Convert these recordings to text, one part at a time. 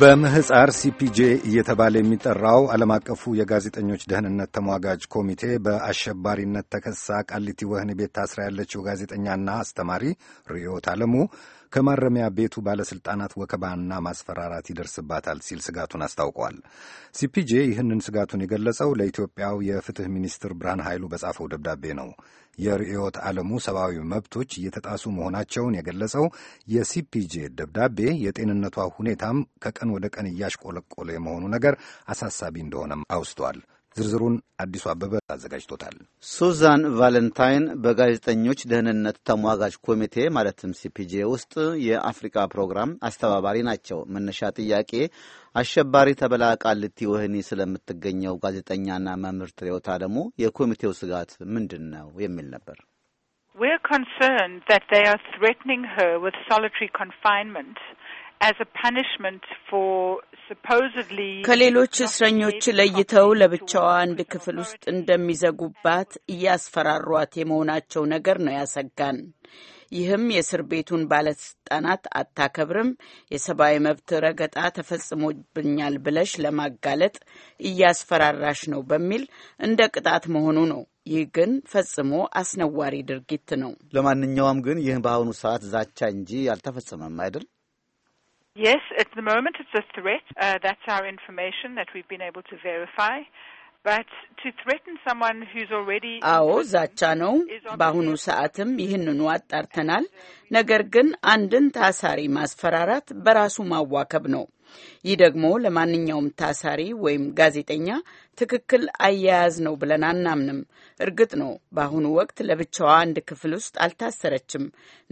በምህፃር ሲፒጄ እየተባለ የሚጠራው ዓለም አቀፉ የጋዜጠኞች ደህንነት ተሟጋጅ ኮሚቴ በአሸባሪነት ተከሳ ቃሊቲ ወህኒ ቤት ታስራ ያለችው ጋዜጠኛና አስተማሪ ርዕዮት ዓለሙ ከማረሚያ ቤቱ ባለሥልጣናት ወከባና ማስፈራራት ይደርስባታል ሲል ስጋቱን አስታውቋል። ሲፒጄ ይህንን ስጋቱን የገለጸው ለኢትዮጵያው የፍትህ ሚኒስትር ብርሃን ኃይሉ በጻፈው ደብዳቤ ነው። የርዕዮት ዓለሙ ሰብአዊ መብቶች እየተጣሱ መሆናቸውን የገለጸው የሲፒጄ ደብዳቤ የጤንነቷ ሁኔታም ከቀን ወደ ቀን እያሽቆለቆለ የመሆኑ ነገር አሳሳቢ እንደሆነም አውስቷል። ዝርዝሩን አዲሱ አበበ አዘጋጅቶታል። ሱዛን ቫለንታይን በጋዜጠኞች ደህንነት ተሟጋጅ ኮሚቴ ማለትም ሲፒጄ ውስጥ የአፍሪካ ፕሮግራም አስተባባሪ ናቸው። መነሻ ጥያቄ አሸባሪ ተበላ ቃሊቲ ወህኒ ስለምትገኘው ጋዜጠኛና መምህርት ሬዮት አለሙ የኮሚቴው ስጋት ምንድን ነው የሚል ነበር። We're concerned that they are threatening her with solitary confinement. ከሌሎች እስረኞች ለይተው ለብቻዋ አንድ ክፍል ውስጥ እንደሚዘጉባት እያስፈራሯት የመሆናቸው ነገር ነው ያሰጋን። ይህም የእስር ቤቱን ባለስልጣናት አታከብርም፣ የሰብአዊ መብት ረገጣ ተፈጽሞብኛል ብለሽ ለማጋለጥ እያስፈራራሽ ነው በሚል እንደ ቅጣት መሆኑ ነው። ይህ ግን ፈጽሞ አስነዋሪ ድርጊት ነው። ለማንኛውም ግን ይህ በአሁኑ ሰዓት ዛቻ እንጂ አልተፈጸመም አይደል? Yes, at the moment it's a threat. Uh, that's our information that we've been able to verify. But to threaten someone who's already አዎ ዛቻ ነው። በአሁኑ ሰዓትም ይህንኑ አጣርተናል። ነገር ግን አንድን ታሳሪ ማስፈራራት በራሱ ማዋከብ ነው። ይህ ደግሞ ለማንኛውም ታሳሪ ወይም ጋዜጠኛ ትክክል አያያዝ ነው ብለን አናምንም። እርግጥ ነው በአሁኑ ወቅት ለብቻዋ አንድ ክፍል ውስጥ አልታሰረችም።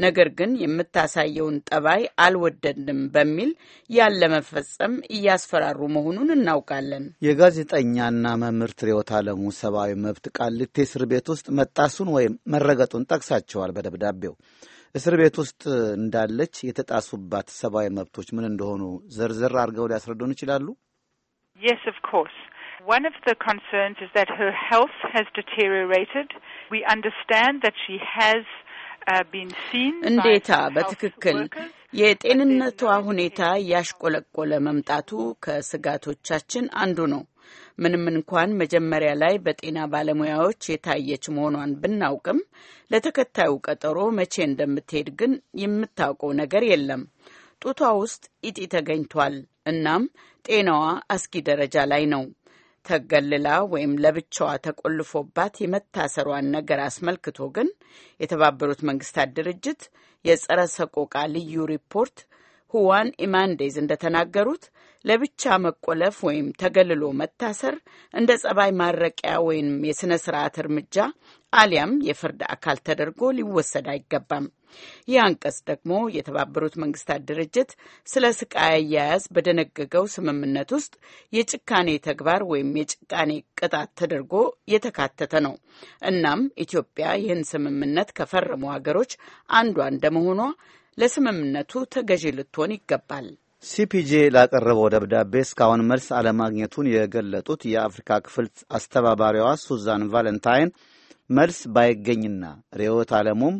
ነገር ግን የምታሳየውን ጠባይ አልወደድንም በሚል ያን ለመፈጸም እያስፈራሩ መሆኑን እናውቃለን። የጋዜጠኛና መምህርት ርዕዮት ዓለሙ ሰብአዊ መብት ቃሊቲ እስር ቤት ውስጥ መጣሱን ወይም መረገጡን ጠቅሳቸዋል በደብዳቤው እስር ቤት ውስጥ እንዳለች የተጣሱባት ሰብአዊ መብቶች ምን እንደሆኑ ዘርዘር አድርገው ሊያስረዱን ይችላሉ? የስ ኦፍ ኮርስ One of the concerns is that her health has deteriorated. We understand that she has uh, been seen እንዴታ በትክክል የጤንነቷ ሁኔታ እያሽቆለቆለ መምጣቱ ከስጋቶቻችን አንዱ ነው። ምንም እንኳን መጀመሪያ ላይ በጤና ባለሙያዎች የታየች መሆኗን ብናውቅም ለተከታዩ ቀጠሮ መቼ እንደምትሄድ ግን የምታውቀው ነገር የለም። ጡቷ ውስጥ ኢጢ ተገኝቷል። እናም ጤናዋ አስጊ ደረጃ ላይ ነው። ተገልላ ወይም ለብቻዋ ተቆልፎባት የመታሰሯን ነገር አስመልክቶ ግን የተባበሩት መንግስታት ድርጅት የጸረ ሰቆቃ ልዩ ሪፖርት ሁዋን ኢማንዴዝ እንደተናገሩት ለብቻ መቆለፍ ወይም ተገልሎ መታሰር እንደ ጸባይ ማረቂያ ወይም የሥነ ሥርዓት እርምጃ አሊያም የፍርድ አካል ተደርጎ ሊወሰድ አይገባም። ይህ አንቀጽ ደግሞ የተባበሩት መንግስታት ድርጅት ስለ ስቃይ አያያዝ በደነገገው ስምምነት ውስጥ የጭካኔ ተግባር ወይም የጭካኔ ቅጣት ተደርጎ የተካተተ ነው። እናም ኢትዮጵያ ይህን ስምምነት ከፈረሙ ሀገሮች አንዷ እንደመሆኗ ለስምምነቱ ተገዢ ልትሆን ይገባል። ሲፒጄ ላቀረበው ደብዳቤ እስካሁን መልስ አለማግኘቱን የገለጡት የአፍሪካ ክፍል አስተባባሪዋ ሱዛን ቫለንታይን መልስ ባይገኝና ርዕዮት ዓለሙም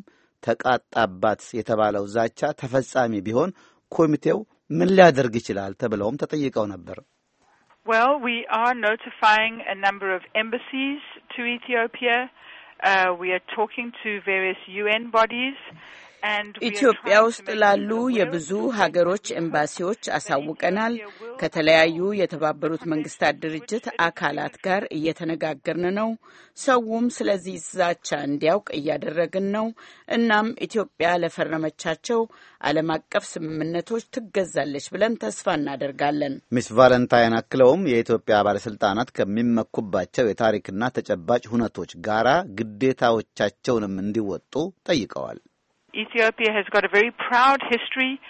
ተቃጣባት የተባለው ዛቻ ተፈጻሚ ቢሆን ኮሚቴው ምን ሊያደርግ ይችላል ተብለውም ተጠይቀው ነበር። well we are notifying a number of embassies to Ethiopia. Uh, we are talking to various UN bodies. ኢትዮጵያ ውስጥ ላሉ የብዙ ሀገሮች ኤምባሲዎች አሳውቀናል። ከተለያዩ የተባበሩት መንግስታት ድርጅት አካላት ጋር እየተነጋገርን ነው። ሰውም ስለዚህ ዛቻ እንዲያውቅ እያደረግን ነው። እናም ኢትዮጵያ ለፈረመቻቸው ዓለም አቀፍ ስምምነቶች ትገዛለች ብለን ተስፋ እናደርጋለን። ሚስ ቫለንታይን አክለውም የኢትዮጵያ ባለስልጣናት ከሚመኩባቸው የታሪክና ተጨባጭ ሁነቶች ጋራ ግዴታዎቻቸውንም እንዲወጡ ጠይቀዋል። Ethiopia has got a very proud history.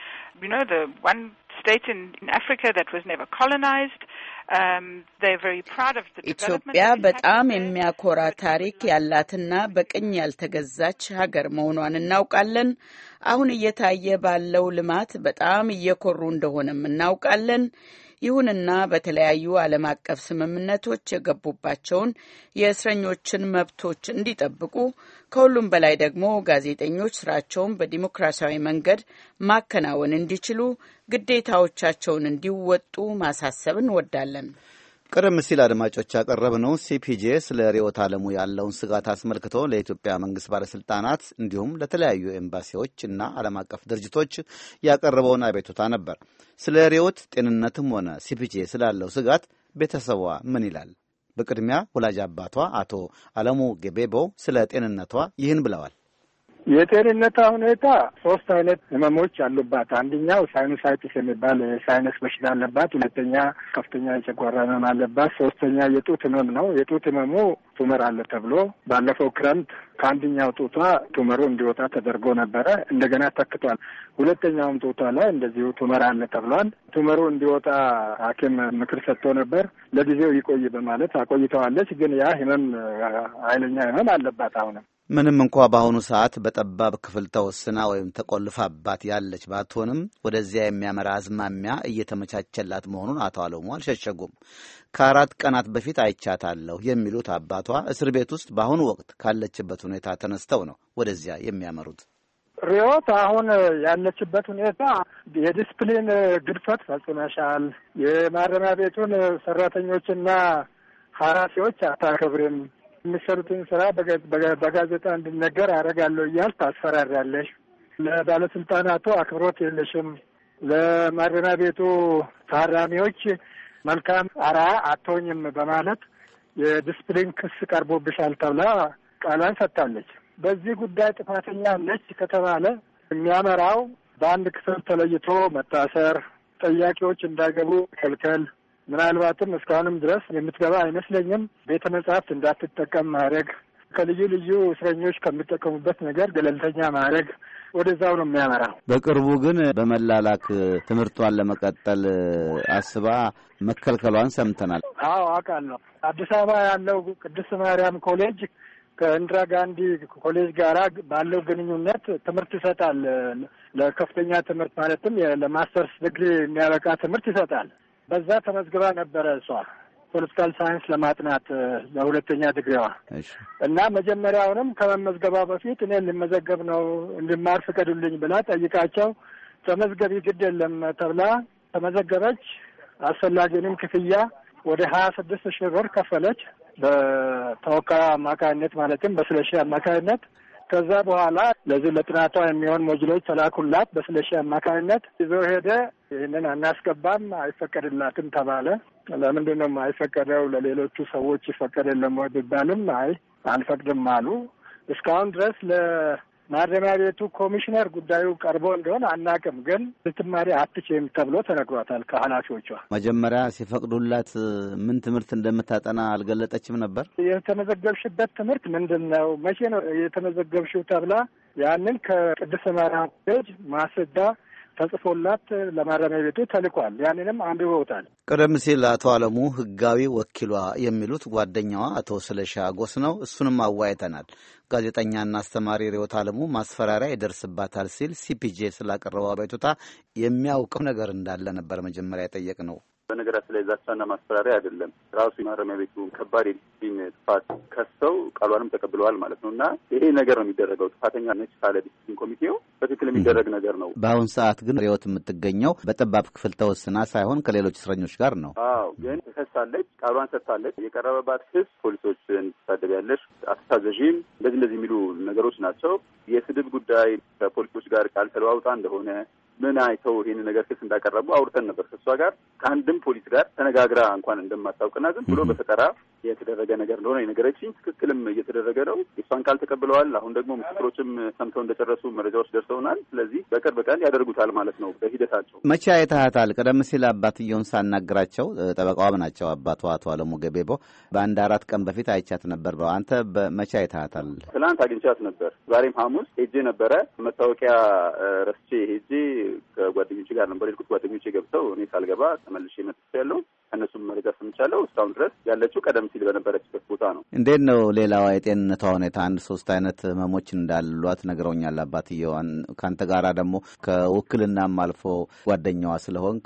You know, the one state in, in Africa that was never colonized. ኢትዮጵያ um, በጣም የሚያኮራ ታሪክ ያላትና በቅኝ ያልተገዛች ሀገር መሆኗን እናውቃለን። አሁን እየታየ ባለው ልማት በጣም እየኮሩ እንደሆነም እናውቃለን። ይሁንና በተለያዩ ዓለም አቀፍ ስምምነቶች የገቡባቸውን የእስረኞችን መብቶች እንዲጠብቁ ከሁሉም በላይ ደግሞ ጋዜጠኞች ስራቸውን በዲሞክራሲያዊ መንገድ ማከናወን እንዲችሉ ግዴታዎቻቸውን እንዲወጡ ማሳሰብ እንወዳለን። ቀደም ሲል አድማጮች ያቀረብነው ሲፒጄ ስለ ርዕዮተ ዓለሙ ያለውን ስጋት አስመልክቶ ለኢትዮጵያ መንግስት ባለስልጣናት እንዲሁም ለተለያዩ ኤምባሲዎች እና ዓለም አቀፍ ድርጅቶች ያቀረበውን አቤቱታ ነበር። ስለ ርዕዮት ጤንነትም ሆነ ሲፒጄ ስላለው ስጋት ቤተሰቧ ምን ይላል? በቅድሚያ ወላጅ አባቷ አቶ አለሙ ገቤቦ ስለ ጤንነቷ ይህን ብለዋል። የጤንነት ሁኔታ ሶስት አይነት ህመሞች አሉባት። አንደኛው ሳይኖሳይትስ የሚባል ሳይነስ በሽታ አለባት። ሁለተኛ ከፍተኛ የጨጓራ ህመም አለባት። ሶስተኛ የጡት ህመም ነው። የጡት ህመሙ ቱመር አለ ተብሎ ባለፈው ክረምት ከአንደኛው ጡቷ ቱመሩ እንዲወጣ ተደርጎ ነበረ። እንደገና ተክቷል። ሁለተኛውም ጡቷ ላይ እንደዚሁ ቱመር አለ ተብሏል። ቱመሩ እንዲወጣ ሐኪም ምክር ሰጥቶ ነበር። ለጊዜው ይቆይ በማለት አቆይተዋለች። ግን ያ ህመም ኃይለኛ ህመም አለባት አሁንም ምንም እንኳ በአሁኑ ሰዓት በጠባብ ክፍል ተወስና ወይም ተቆልፋባት ያለች ባትሆንም ወደዚያ የሚያመራ አዝማሚያ እየተመቻቸላት መሆኑን አቶ አለሙ አልሸሸጉም። ከአራት ቀናት በፊት አይቻታለሁ የሚሉት አባቷ እስር ቤት ውስጥ በአሁኑ ወቅት ካለችበት ሁኔታ ተነስተው ነው ወደዚያ የሚያመሩት። ሪዮት አሁን ያለችበት ሁኔታ የዲስፕሊን ግድፈት ፈጽመሻል፣ የማረሚያ ቤቱን ሰራተኞችና ኃላፊዎች አታከብርም የሚሰሩትን ስራ በጋዜጣ እንዲነገር አደርጋለሁ እያል ታስፈራሪያለሽ። ለባለስልጣናቱ አክብሮት የለሽም። ለማረሚያ ቤቱ ታራሚዎች መልካም አራ አትሆኝም በማለት የዲስፕሊን ክስ ቀርቦብሻል ተብላ ቃሏን ሰጥታለች። በዚህ ጉዳይ ጥፋተኛ ነች ከተባለ የሚያመራው በአንድ ክፍል ተለይቶ መታሰር፣ ጠያቂዎች እንዳይገቡ ከልከል ምናልባትም እስካሁንም ድረስ የምትገባ አይመስለኝም። ቤተ መጽሐፍት እንዳትጠቀም ማድረግ፣ ከልዩ ልዩ እስረኞች ከሚጠቀሙበት ነገር ገለልተኛ ማድረግ ወደዛው ነው የሚያመራው። በቅርቡ ግን በመላላክ ትምህርቷን ለመቀጠል አስባ መከልከሏን ሰምተናል። አዎ አውቃለሁ። አዲስ አበባ ያለው ቅድስት ማርያም ኮሌጅ ከኢንዲራ ጋንዲ ኮሌጅ ጋር ባለው ግንኙነት ትምህርት ይሰጣል። ለከፍተኛ ትምህርት ማለትም ለማስተርስ ዲግሪ የሚያበቃ ትምህርት ይሰጣል። በዛ ተመዝግባ ነበረ እሷ ፖለቲካል ሳይንስ ለማጥናት ለሁለተኛ ድግሪዋ እና መጀመሪያውንም ከመመዝገባ በፊት እኔ ልመዘገብ ነው እንድማር ፍቀዱልኝ ብላ ጠይቃቸው ተመዝገቢ ግድ የለም ተብላ ተመዘገበች። አስፈላጊውንም ክፍያ ወደ ሀያ ስድስት ሺህ ብር ከፈለች። በተወካዩ አማካይነት ማለትም በስለሺ አማካይነት ከዛ በኋላ ለዚህ ለጥናቷ የሚሆን ሞጅሎች ተላኩላት። በስለሺ አማካኝነት ይዞ ሄደ። ይህንን አናስገባም፣ አይፈቀድላትም ተባለ። ለምንድን ነው አይፈቀደው? ለሌሎቹ ሰዎች ይፈቀድ የለም ወይ ቢባልም አይ አንፈቅድም አሉ። እስካሁን ድረስ ማረሚያ ቤቱ ኮሚሽነር ጉዳዩ ቀርቦ እንደሆነ አናቅም፣ ግን ልትማሪ አትችም ተብሎ ተነግሯታል ከኃላፊዎቿ። መጀመሪያ ሲፈቅዱላት ምን ትምህርት እንደምታጠና አልገለጠችም ነበር። የተመዘገብሽበት ትምህርት ምንድን ነው? መቼ ነው የተመዘገብሽው? ተብላ ያንን ከቅድስት ማርያም ልጅ ማስዳ ተጽፎላት ለማረሚያ ቤቱ ተልኳል። ያንንም አንብበውታል። ቀደም ሲል አቶ አለሙ ህጋዊ ወኪሏ የሚሉት ጓደኛዋ አቶ ስለሺ አጎስ ነው። እሱንም አዋይተናል። ጋዜጠኛና አስተማሪ ርዮት አለሙ ማስፈራሪያ ይደርስባታል ሲል ሲፒጄ ስላቀረበው አቤቱታ የሚያውቀው ነገር እንዳለ ነበር መጀመሪያ ነው በነገራችን ላይ ዛቻና ማስፈራሪያ አይደለም። ራሱ የማረሚያ ቤቱ ከባድ የዲስፕሊን ጥፋት ከሰው ቃሏንም ተቀብለዋል ማለት ነው እና ይሄ ነገር ነው የሚደረገው። ጥፋተኛ ነች ካለ ዲስፕሊን ኮሚቴው በትክክል የሚደረግ ነገር ነው። በአሁን ሰዓት ግን ሪዮት የምትገኘው በጠባብ ክፍል ተወስና ሳይሆን ከሌሎች እስረኞች ጋር ነው። አዎ ግን ተከሳለች፣ ቃሏን ሰጥታለች። የቀረበባት ክስ ፖሊሶች እንድትሳደብ ያለሽ አትታዘዥም፣ እንደዚህ እንደዚህ የሚሉ ነገሮች ናቸው። የስድብ ጉዳይ ከፖሊሶች ጋር ቃል ተለዋውጣ እንደሆነ ምን አይተው ይህን ነገር ክስ እንዳቀረቡ አውርተን ነበር። ከእሷ ጋር ከአንድም ፖሊስ ጋር ተነጋግራ እንኳን እንደማታውቅና ዝም ብሎ በፈጠራ የተደረገ ነገር እንደሆነ የነገረችኝ፣ ትክክልም እየተደረገ ነው። የእሷን ቃል ተቀብለዋል። አሁን ደግሞ ምስክሮችም ሰምተው እንደጨረሱ መረጃዎች ደርሰውናል። ስለዚህ በቅርብ ቀን ያደርጉታል ማለት ነው። በሂደታቸው መቼ አይተሃታል? ቀደም ሲል አባትየውን ሳናግራቸው ጠበቃዋም ናቸው አባቷ አቶ አለሙ ገቤቦ በአንድ አራት ቀን በፊት አይቻት ነበር ነው። አንተ መቼ አይተሃታል? ትናንት አግኝቻት ነበር። ዛሬም ሐሙስ ሄጄ ነበረ። መታወቂያ ረስቼ ሄጄ ከጓደኞቼ ጋር ነበር የሄድኩት። ጓደኞቼ ገብተው እኔ ሳልገባ ተመልሼ መጥቻለሁ። ከእነሱም መድረስ የምቻለው እስካሁን ድረስ ያለችው ቀደም ሲል በነበረችበት ቦታ ነው። እንዴት ነው ሌላዋ የጤንነቷ ሁኔታ? አንድ ሶስት አይነት ህመሞች እንዳሏት ነግረውኛል አባትየው። ከአንተ ጋራ ደግሞ ከውክልናም አልፎ ጓደኛዋ ስለሆንክ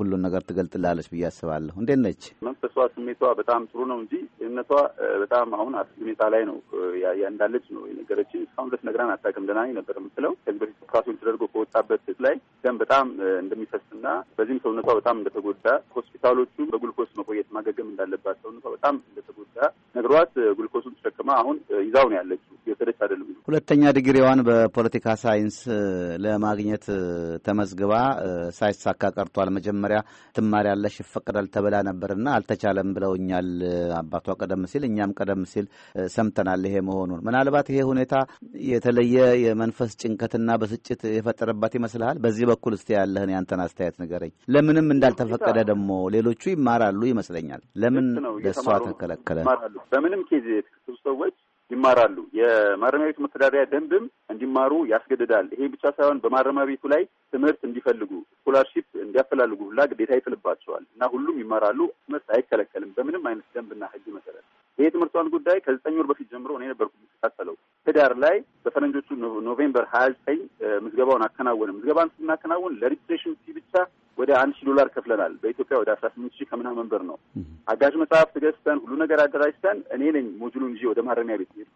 ሁሉን ነገር ትገልጥላለች ብዬ አስባለሁ። እንዴት ነች? መንፈሷ ስሜቷ በጣም ጥሩ ነው እንጂ ጤንነቷ በጣም አሁን አስጊ ሁኔታ ላይ ነው እንዳለች ነው የነገረችኝ። እስካሁን ድረስ ነግራን አታውቅም። ደህና ነበር የምትለው ከዚህ በፊት ኦፕራሲዮን ተደርጎ ከወጣበት ላይ ደም በጣም እንደሚፈስና በዚህም ሰውነቷ በጣም እንደተጎዳ ሆስፒታሎቹ በግሉኮስ ድረስ መቆየት ማገገም እንዳለባት በጣም እንደተጎዳ ነግሯት ግሉኮሱን ተሸክማ አሁን ይዛው ነው ያለችው። የወሰደች አይደለም። ሁለተኛ ዲግሪዋን በፖለቲካ ሳይንስ ለማግኘት ተመዝግባ ሳይሳካ ቀርቷል። መጀመሪያ ትማሪያለሽ ይፈቀዳል ተብላ ነበርና አልተቻለም ብለውኛል አባቷ ቀደም ሲል እኛም ቀደም ሲል ሰምተናል ይሄ መሆኑን። ምናልባት ይሄ ሁኔታ የተለየ የመንፈስ ጭንቀትና ብስጭት የፈጠረባት ይመስልሃል? በዚህ በኩል እስቲ ያለህን ያንተን አስተያየት ንገረኝ። ለምንም እንዳልተፈቀደ ደግሞ ሌሎቹ ይማራሉ ይማራሉ ይመስለኛል። ለምን ለእሷ ተከለከለ? ይማራሉ በምንም ኬዝ የተከሰሱ ሰዎች ይማራሉ። የማረሚያ ቤቱ መተዳደሪያ ደንብም እንዲማሩ ያስገድዳል። ይሄ ብቻ ሳይሆን በማረሚያ ቤቱ ላይ ትምህርት እንዲፈልጉ ስኮላርሺፕ እንዲያፈላልጉ ሁላ ግዴታ ይጥልባቸዋል እና ሁሉም ይማራሉ። ትምህርት አይከለከልም በምንም አይነት ደንብና ሕግ መሰረት። ይሄ ትምህርቷን ጉዳይ ከዘጠኝ ወር በፊት ጀምሮ እኔ ነበርኩ የሚከታተለው። ህዳር ላይ በፈረንጆቹ ኖቬምበር ሀያ ዘጠኝ ምዝገባውን አከናወንም። ምዝገባን ስናከናወን ለሪጅስትሬሽን ሲ ብቻ ወደ አንድ ሺህ ዶላር ከፍለናል። በኢትዮጵያ ወደ አስራ ስምንት ሺህ ከምናምን ብር ነው። አጋዥ መጽሐፍት ገዝተን ሁሉ ነገር አደራጅተን እኔ ነኝ ሞጁሉን ይዤ ወደ ማረሚያ ቤት ሄድ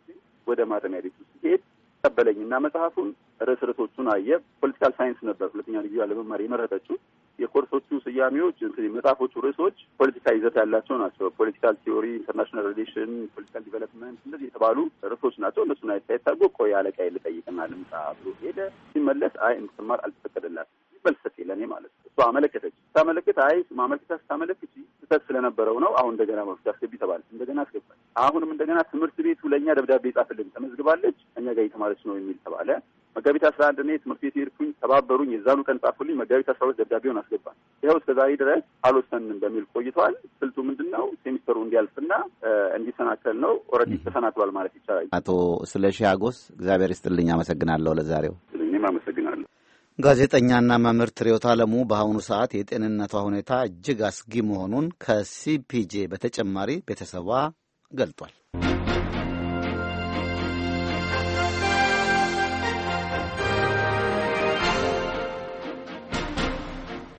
ወደ ማረሚያ ቤት ውስጥ ሄድ ቀበለኝ እና መጽሐፉን ርዕስ ርዕሶቹን አየ። ፖለቲካል ሳይንስ ነበር ሁለተኛ ልዩ ለመማር የመረጠችው። የኮርሶቹ ስያሜዎች እንግዲህ የመጽሐፎቹ ርዕሶች ፖለቲካ ይዘት ያላቸው ናቸው። ፖለቲካል ቲዮሪ፣ ኢንተርናሽናል ሪሌሽን፣ ፖለቲካል ዲቨሎፕመንት እንደዚህ የተባሉ ርዕሶች ናቸው። እነሱን አይታይታጎ ቆይ አለቃዬን ልጠይቅና ልምጣ ብሎ ሄደ። ሲመለስ አይ እንድትማር አልተፈቀደላትም እሷ አመለከተች። ስታመለክት አይ ማመልከቻ ስታመለክች ስህተት ስለነበረው ነው አሁን እንደገና መፍትሄ አስገቢ ተባለች። እንደገና አስገባች። አሁንም እንደገና ትምህርት ቤቱ ለእኛ ደብዳቤ ጻፍልን፣ ተመዝግባለች፣ እኛ ጋር እየተማረች ነው የሚል ተባለ። መጋቢት አስራ አንድ እኔ ትምህርት ቤት ሄድኩኝ፣ ተባበሩኝ፣ የዛኑ ቀን ጻፉልኝ። መጋቢት አስራ ሁለት ደብዳቤውን አስገባል። ይኸው እስከዛሬ ድረስ አልወሰንም በሚል ቆይቷል። ስልቱ ምንድን ነው? ሴሚስተሩ እንዲያልፍና እንዲሰናከል ነው። ኦልሬዲ ተሰናክሏል ማለት ይቻላል። አቶ ስለሺ አጎስ እግዚአብሔር ይስጥልኝ፣ አመሰግናለሁ። ለዛሬው እኔም አመሰግናለሁ። ጋዜጠኛና መምህርት ርዕዮት አለሙ በአሁኑ ሰዓት የጤንነቷ ሁኔታ እጅግ አስጊ መሆኑን ከሲፒጄ በተጨማሪ ቤተሰቧ ገልጧል።